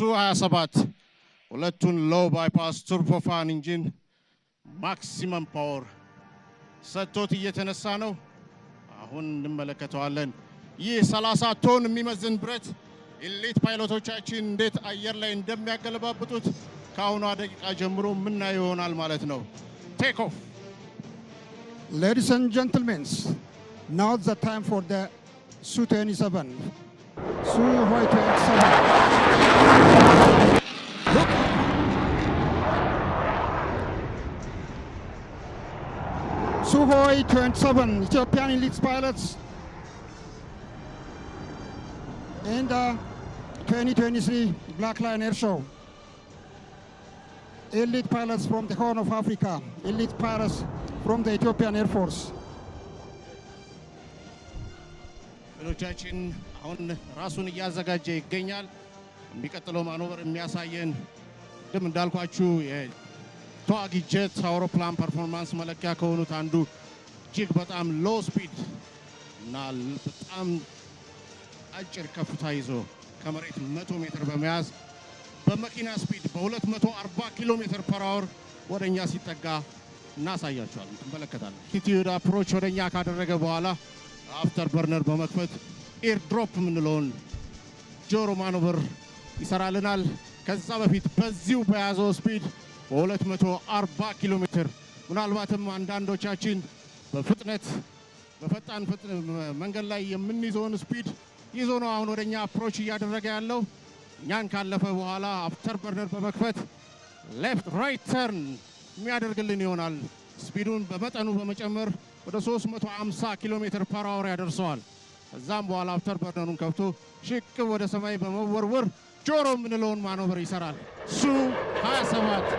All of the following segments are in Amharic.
27 ሁለቱን ሎው ባይፓስ ቱርቦፋን ኢንጂን ማክሲመም ፓወር ሰጥቶት እየተነሳ ነው። አሁን እንመለከተዋለን። ይህ 30 ቶን የሚመዝን ብረት ኢሊት ፓይሎቶቻችን እንዴት አየር ላይ እንደሚያገለባብጡት ከአሁኗ ደቂቃ ጀምሮ የምናየው ይሆናል ማለት ነው። ቴክ ኦፍ ሌዲስ ኤንድ ጀንትልሜንስ ናው ዘ ታይም ፎር ሱ 27 ሱ 27 Suhoi turned seven, Ethiopian elite pilots. And uh, 2023 Black Lion Air Show. Elite pilots from the Horn of Africa, elite pilots from the Ethiopian Air Force. ሎቻችን አሁን ራሱን እያዘጋጀ ይገኛል። የሚቀጥለው ማኖበር የሚያሳየን ቅድም እንዳልኳችሁ ተዋጊ ጀት አውሮፕላን ፐርፎርማንስ መለኪያ ከሆኑት አንዱ እጅግ በጣም ሎ ስፒድ እና በጣም አጭር ከፍታ ይዞ ከመሬት 100 ሜትር በመያዝ በመኪና ስፒድ በ240 ኪሎ ሜትር ፐር አወር ወደ እኛ ሲጠጋ እናሳያቸዋል ትመለከታለን። አልቲቲዩድ አፕሮች ወደ እኛ ካደረገ በኋላ አፍተር በርነር በመክፈት ድሮፕ የምንለውን ጆሮ ማኖቨር ይሰራልናል። ከዛ በፊት በዚሁ በያዘው ስፒድ በ240 ኪሎ ሜትር ምናልባትም አንዳንዶቻችን በፍጥነት በፈጣን መንገድ ላይ የምንይዘውን ስፒድ ይዞ ነው አሁን ወደ እኛ አፕሮች እያደረገ ያለው። እኛን ካለፈ በኋላ አፍተር በርነር በመክፈት ሌፍት ራይት ተርን የሚያደርግልን ይሆናል። ስፒዱን በመጠኑ በመጨመር ወደ 350 ኪሎ ሜትር ፐር አወር ያደርሰዋል። ከዛም በኋላ አፍተር በርነሩን ከፍቶ ሽቅብ ወደ ሰማይ በመወርወር ጆሮ የምንለውን ማኖበር ይሰራል። ሱ 27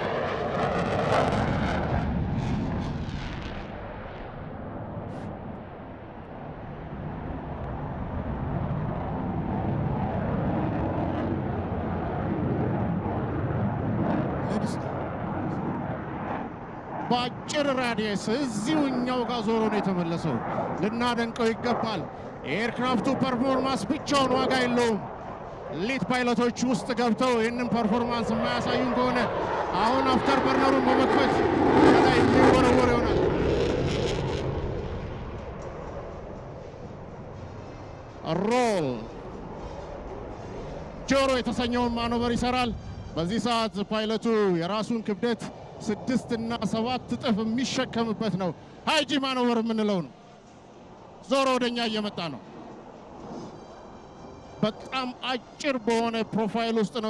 በአጭር ራዲየስ እዚሁ እኛው ጋር ዞሮ ነው የተመለሰው። ልናደንቀው ይገባል። የኤርክራፍቱ ፐርፎርማንስ ብቻውን ዋጋ የለውም። ሊት ፓይለቶች ውስጥ ገብተው ይህንን ፐርፎርማንስ የማያሳዩን ከሆነ አሁን አፍተር በርነሩን በመክፈት ላይ የሚወረወር ይሆናል። ሮል ጆሮ የተሰኘውን ማኖበር ይሰራል። በዚህ ሰዓት ፓይለቱ የራሱን ክብደት ስድስት እና ሰባት እጥፍ የሚሸከምበት ነው። ሃይጂ ማኖቨር የምንለው ነው። ዞሮ ወደኛ እየመጣ ነው። በጣም አጭር በሆነ ፕሮፋይል ውስጥ ነው